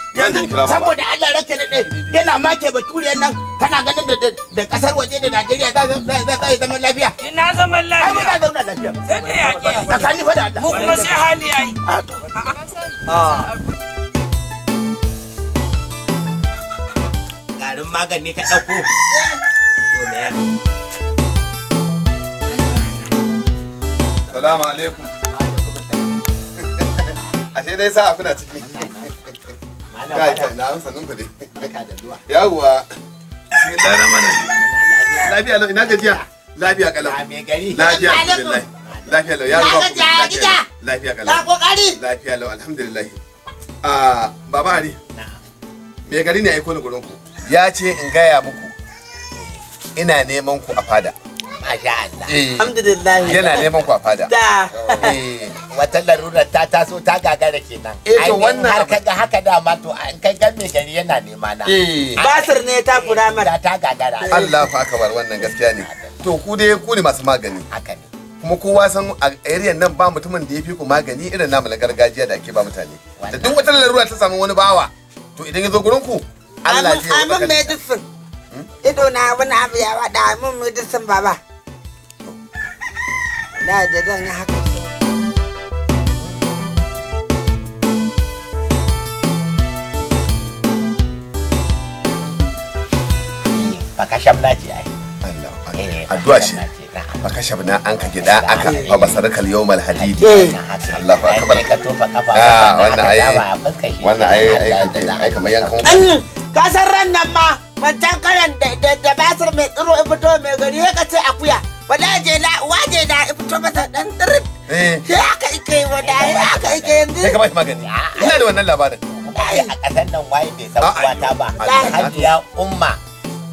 yanzu saboda Allah raka daɗe yana make baturiyar nan kana ganin da da kasar waje da Najeriya za za yi zaman lafiya ina zaman lafiya ai muna zauna lafiya sai ne yaƙi tsakani fa da Allah mu kuma sai hali yayi ah, ah. ah. garin magani ka ɗauko Salamu alaikum. [LAUGHS] Ashe dai sa kuna ciki. Kai kai Yawwa. Lafiya lau ina gajiya. Lafiya kalau. Lafiya alhamdulillah. Lafiya lau yaro ba lafiya. Lafiya kalau. Lafiya lau alhamdulillah. Ah, baba Hari, Me gari ne aiko ni gurin ku. Ya ce in gaya muku ina neman ku a fada. masha Allah eh, alhamdulillah yana neman kwafa da eh. wata larura ta taso ta gagara kenan eh to wannan har kaga haka da ma to an kai ga me gari yana nema na eh. basir ne ta kura mara ta gagara allah Allahu akbar wannan gaskiya ne to ku dai ku ne masu magani haka ne kuma kowa san a area nan ba mutumin da ya fi ku magani irin namu na gargajiya da ake ba mutane da duk wata larura ta samu wani bawa to idan ya zo gurin ku Allah ya yi amin medicine hmm? ido na wani abu ya wada amin medicine baba da da zan yi haka baka shabna ce ai addu'a eh, ce baka shabna an ka gida aka fa yawmal hadidi eh, eh. Allahu akbar ka tofa kafa ah, wannan ai wannan ai ai kamar yankan ka san ran nan ma wancan karan da basir mai tsiro fito mai gari ya kace akuya wala je na waje da fito masa dan dirin eh. ya ka ike wada ya ka ike yanzu sai ka magani ina da wannan labarin a kasan nan waye bai san uwata ba hajiya umma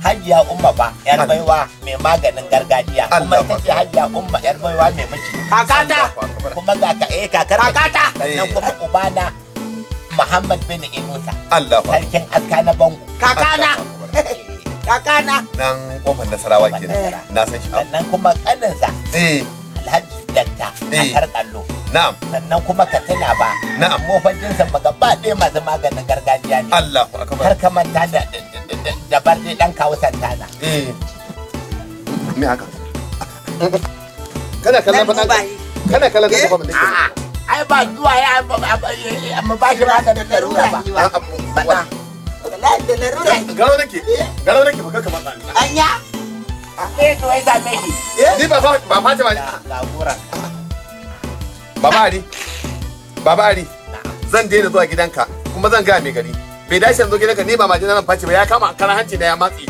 hajiya umma ba yar baiwa mai maganin gargajiya kuma ita ce hajiya umma yar baiwa mai miji kakata kuma ga ka eh kakar kakata nan eh. kuma ubana Muhammad bin Inusa Allah sarkin aska na bango kakana [LAUGHS] kakana nan kofar nasarawa ke na san shi sannan kuma kaninsa alhaji dakta akar kallo na'am sannan kuma ka tuna ba na'am mofajin sa ba gaba masu maganin gargajiya ne Allahu akbar kar ka manta da da barde dan kawo santana eh me haka kana kallon ba kana kallon da kuma a'a ai ba zuwa ya ba shi ba ka da darura ba wallahi da larura ne eh, garo nake garo nake fa kaka matsa anya eh to ai zame shi ni ba fa ba ma ta ba labura baba Ali, baba Ali, zan daina zuwa gidanka kuma zan gaya mai gari bai dace yanzu gidanka ni ba ma majina nan face ba ya kama karan hanci na ya matsi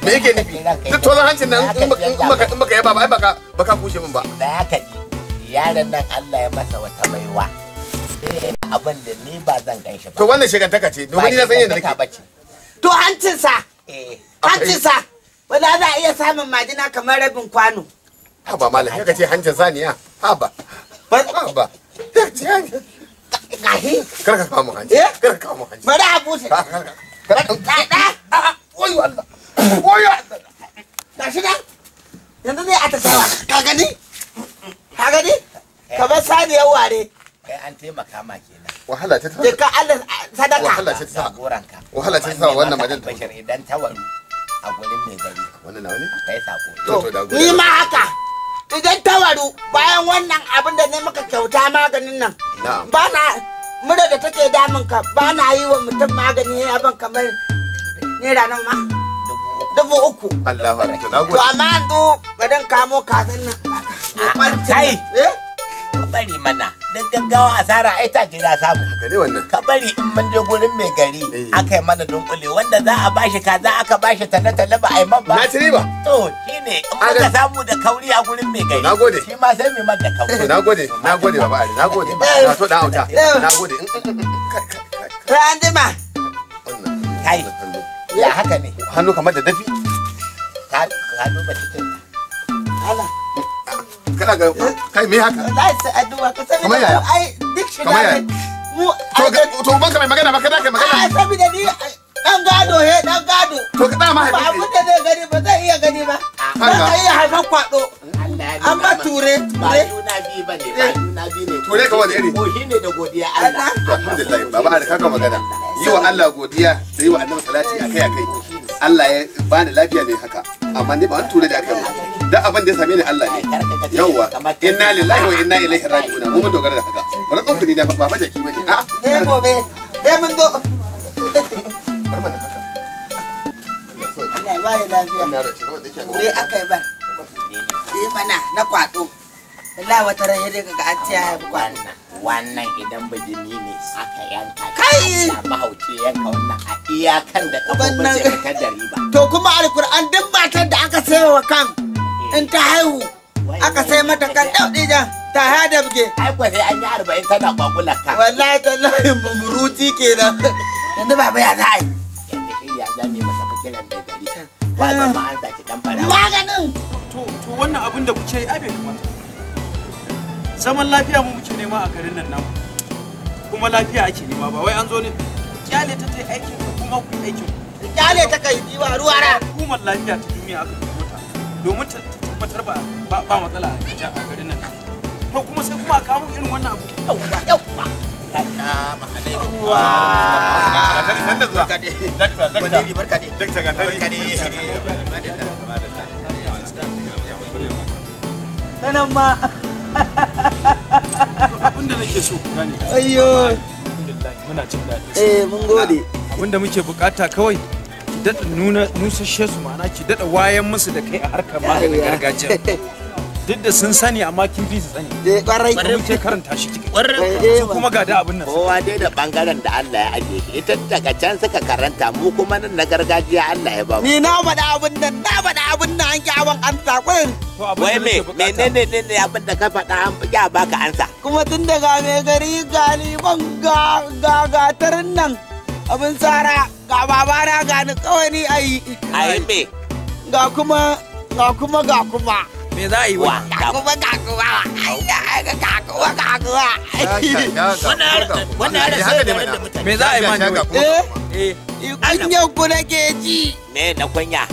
me yake nufi duk tozon hancin nan in baka in baka yaba ba ai baka kushe min ba da haka yaron nan Allah ya masa wata baiwa abin da ni ba zan gan shi ba to wannan shigantaka ce domin ni na san yadda nake to hancinsa eh. hancinsa ba za a iya samun majina kamar rabin kwano haba malam ya ce hancin saniya haba haba ya ce hancin gahi kar ka kawo mu hanci eh? kar ka kawo mu hanci bari a bushe kar ka kada oyo Allah oyo Allah gashi nan yanzu zai a tasawa ka gani ka gani kamar saniyar ware kai an taimaka ma kenan wahala ta ta ka Allah sadaka wahala ta ta wahala ta ta wannan madan idan ta a gurin mai gari wannan nawa ne kai sako to ni ma haka idan ta waru bayan wannan abin da ne maka kyauta maganin nan ba na mura da take damun ka ba na yi wa mutum magani ya ban kamar naira nan ma dubu uku Allahu akbar to amma an zo kamo kazan nan kai eh bari mana don gaggawa asara ai ta jira samu gare wannan ka bari in mun je gurin mai gari eh. aka yi mana dunkule wanda za a bashi kaza aka bashi tana tana ba ai man ba na tiri ba to shine in ka samu da kauri a gurin mai gari nagode shi ma sai mai da kauri eh, nagode nagode baba ali nagode na to eh. da auta nagode [LAUGHS] to an jima kai ya haka ne hannu kamar da dafi ka hannu ba cikin Allah kana ga kai me haka wallahi sai addu'a ka sani kamar ai duk mu to to ban ka magana ba kada kai magana a saboda ni dan gado he dan gado to ka ma haifi ba abin da zai gani ba zai iya gani ba ba ka iya haifan kwado amma ture ture na bi ba ne eh. ba na bi ne ture ka wani ko mohi ne da godiya Allah alhamdulillah baba da kaka magana yi wa Allah godiya da yi wa annabi salati akai akai Allah ya bani lafiya ne haka amma ni ba wani tura da aka yi da abin da ya same ni Allah ne yawwa inna lillahi wa inna ilaihi raji'un mu mun dogara da haka ba na tsofi ne da ba jaki ba ne a ah. eh gobe eh mun do bar mana haka Allah ya bani lafiya ina da cigaba da yake gobe akai ba eh mana na kwado Allah wata ran ya daga ga an tiya ya bi kwanan wannan idan bijimi ne aka yanka kai mahauci yanka wannan a iyakan da ba zai fitar da riba to kuma alkur'an duk matar da aka sayo wa kan eh. in ta haihu aka sai mata kan ɗauɗi jan ta hada buge ai ko sai an yi arba'in tana kwakula ka wallahi tallahi mumuruti kenan yanzu baba ya za a yi yanzu shi ya zame masa fikiran da gari ba zama an zaki dan fara maganin to wannan abin da kuke yi ai bai kuma zaman lafiya mu muke nema a garin nan namu kuma lafiya ake nema ba wai an zo ne kyale ta tai aikin ku kuma ku aikin ku kyale ta kai biwa ruwa ra hukumar lafiya ta duniya aka dubo ta domin ta tabbatar ba ba matsala a garin nan ko kuma sai kuma a kawo irin wannan abu yauwa yauwa Tanamma abinda nake so ku gane ayyo muna cin daɗi eh mun gode abinda muke bukata kawai ki daɗa nuna nusasshe su ma'ana ki dada wayan musu da kai a harkar maganin gargajiya [LAUGHS] duk da sun sani amma kin fi su sani eh kwarai kun ce karanta shi kike kwarai eh, eh. kuma ga da abin nan kowa dai da bangaren da Allah ya aje ita daga can suka karanta mu kuma nan na gargajiya Allah ya ba mu ni na faɗa abin nan na faɗa abin nan an kyawun an sakon wai me menene ne ne abin da ka faɗa an ya baka ansa kuma tun daga mai gari galiban ga gatarin nan abin tsara ga babana ga ni kawai ni ayi ayi me ga kuma ga kuma ga kuma me za a yi wa kakuwa kakuwa ga kakuwa kakuwa wannan yara sai da da mutane me za a yi ma ne eh eh kunya ku nake ji me na kunya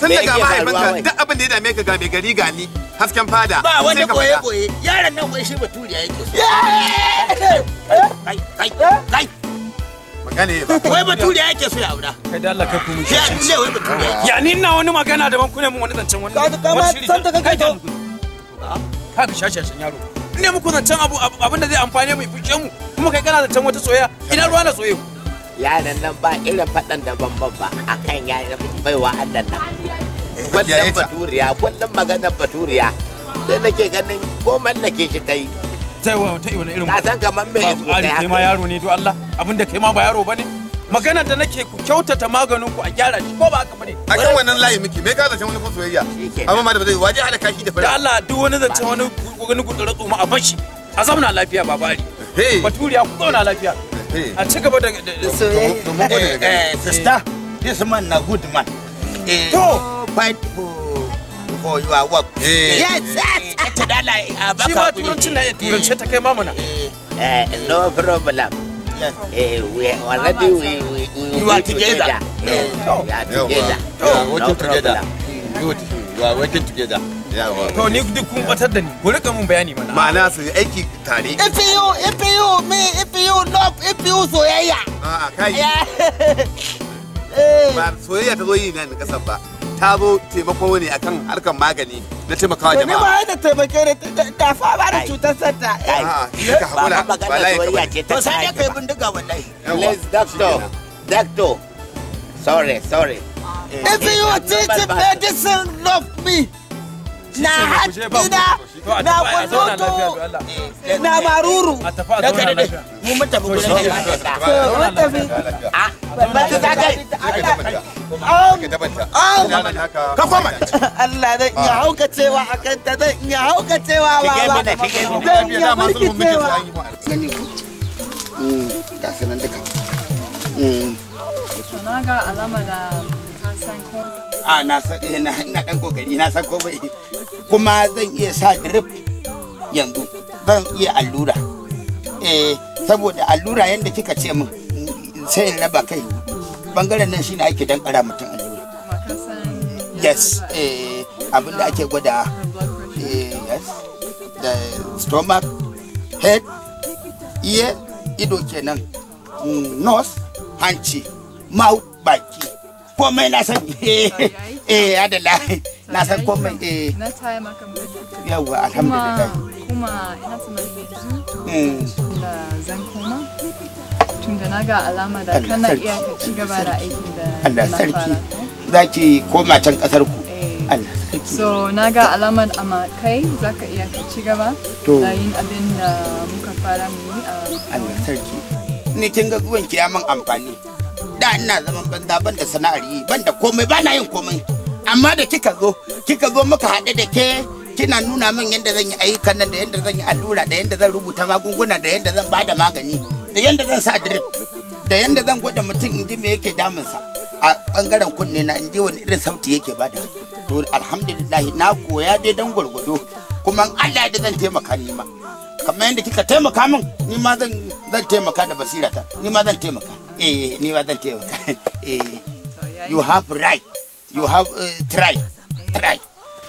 tun daga mahaifinka duk abin da ya dame ka ga mai gari gani hasken fada ba wani boye boye yaran nan wai shi baturiya yake so kai kai kai magana ba wai bature yake so ya aura kai da Allah ka kuma shi ya ce wai bature ya ni ina wani magana daban kuna mun wani zancen wani ka san ta kai yaro muku zancen abu abin da zai amfane mu fice mu kuma kai kana zancen wata soyayya ina ruwa na soyayya yaran nan ba irin faɗan da bamban ba akan yaran baiwa Allah nan kullum eh, baturiya kullum maganar baturiya sai nake ganin ko mallake shi ta yi ta wani irin ka san kamar me ari kai ma yaro ne to Allah abinda kai ma ba yaro bane magana da nake ku kyautata maganin ku a gyara shi ko ba haka bane akan wannan layi miki me ka zace wani kun soyayya amma ma da bazai waje halaka kashi da fara da Allah duk wani zance wani wani gudura tsoma a bashi a zauna lafiya baba babari baturiya ku zauna lafiya a ci gaba da soyayya eh, eh, eh, sister this man na good man to fight for for your work. Eh. Yes, yes. Shi ma turancin na turance take kai mamuna. Eh. Eh, no problem. Yes. Uh, we already we, we, we, you are together. together. No. We are together. Yeah, we are working together. Good. We are working together. To ni duk kun batar da ni. Ku ka mun bayani mana. Ma'ana su aiki tare. Ife yo, ife yo, me ife yo, love, ife yo soyayya. A'a kai. [LAUGHS] Ba soyayya ta zo yi nan kasan ba. ta zo taimako ne akan harkar magani na taimakawa jama'a. wani ba da taimake ne da fa ba da cutar santa. Eh, ka hakura ba lai ka ba. To sai da kai bindiga wallahi. Les doctor. Doctor. Sorry, sorry. If you teach medicine, love me. Na na. na kwalloto eh, na maruru mu mun tafi mun tafi a ba ta ka Allah iya hauka cewa a iya hauka cewa ba ba iya cewa ga sanan duka hmm. na ga alama san a eh, na ina dan kokari na san komai kuma zan iya sa drip yanzu zan iya allura eh saboda allura yanda kika ce min sai in raba kai bangaren nan shine ake dan kara mutum allura yes eh abin ake gwada eh yes the stomach head ear ido kenan mm, nose hanci mouth baki komai na san eh eh na san komai eh na taya da eh. na ga alama da kana iya ka ci gaba da eh? can eh. so na alamar kai zaka iya ka ci gaba to yayin abin muka fara mu yi Allah sarki ni kin ga kiyaman amfani da ina zaman banza ban da sana'ar yi ban da komai ba na yin komai amma da kika zo kika zo muka haɗe da ke kina nuna min yadda zan yi ayyukan nan da yadda zan yi allura da yadda zan rubuta magunguna da yadda zan bada magani da yadda zan sa drip da yadda zan gwada mutum in ji me yake damunsa a bangaren kunne na in ji wani irin sauti yake bada to alhamdulillah na koya dai dan gwargwado kuma Allah da zan taimaka ni ma kamar yadda kika taimaka min ni ma zan taimaka da basirata ni ma zan taimaka eh ni ba zan taimaka [LAUGHS] eh you have right you have uh, try try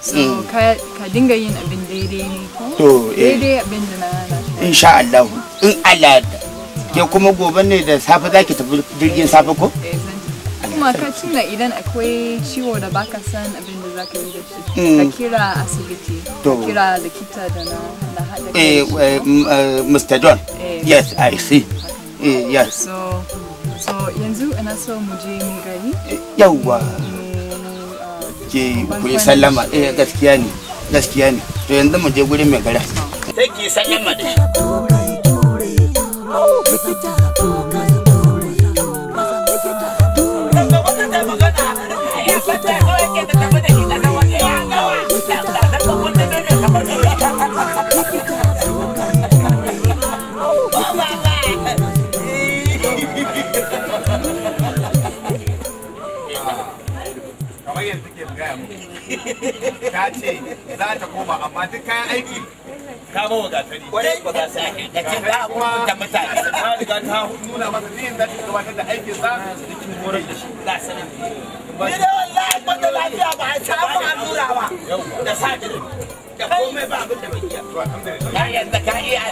so mm. ka dinga yin abin daidai ne ko to eh. daidai abin da na insha Allah in Allah ke kuma gobe ne da safe zaki tafi jirgin safe ko eh, kuma ka tuna idan akwai ciwo da baka san abin da zaka yi da shi ka mm. kira asibiti ka kira likita da na hada eh Mr John yes i see yes so yanzu ana so mu je mu gari? Yawwa. Eh, Ke eh, eh, ne. To yanzu mu je gurin mai gara. sallama da ta ce za ta koma amma duk kayan aiki ka ba gatari kwarai ba da ce da mutane ta riga ta nuna masa ta gabatar da aikin sa da horar da shi ni da wallahi ba lafiya ba a samu allura ba da sajin da komai ba abin da bai yi ya yanzu ka iya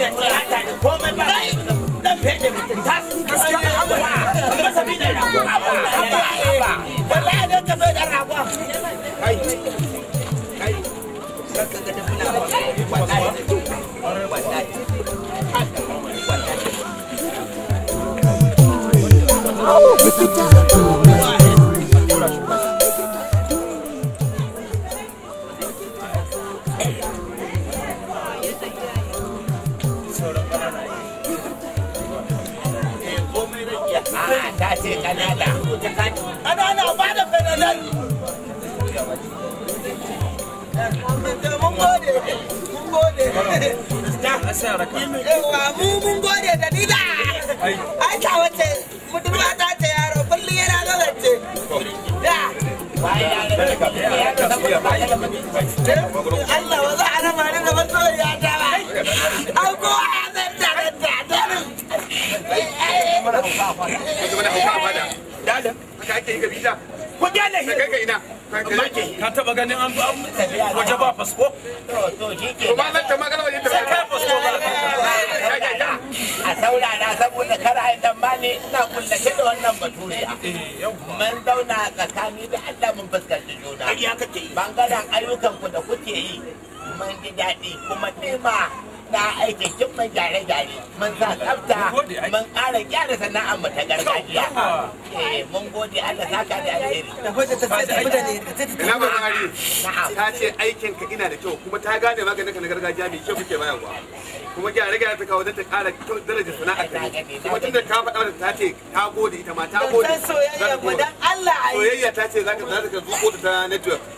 mun sa tsafta mun ƙara gyara sana'ar mu ta gargajiya eh mun gode Allah saka da alheri da hoje ta sai tafi da ne ina ba gari ta ce aikin ka ina da kyau kuma ta gane maganin ka na gargajiya mai kyau kuke bayarwa kuma gyara gyara ta kawo ta ƙara daraja sana'ar ta kuma tunda ka faɗa da ta ce ta gode ita ma ta gode soyayya mu dan Allah soyayya ta ce zaka zaka zuko ta network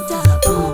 Cuidado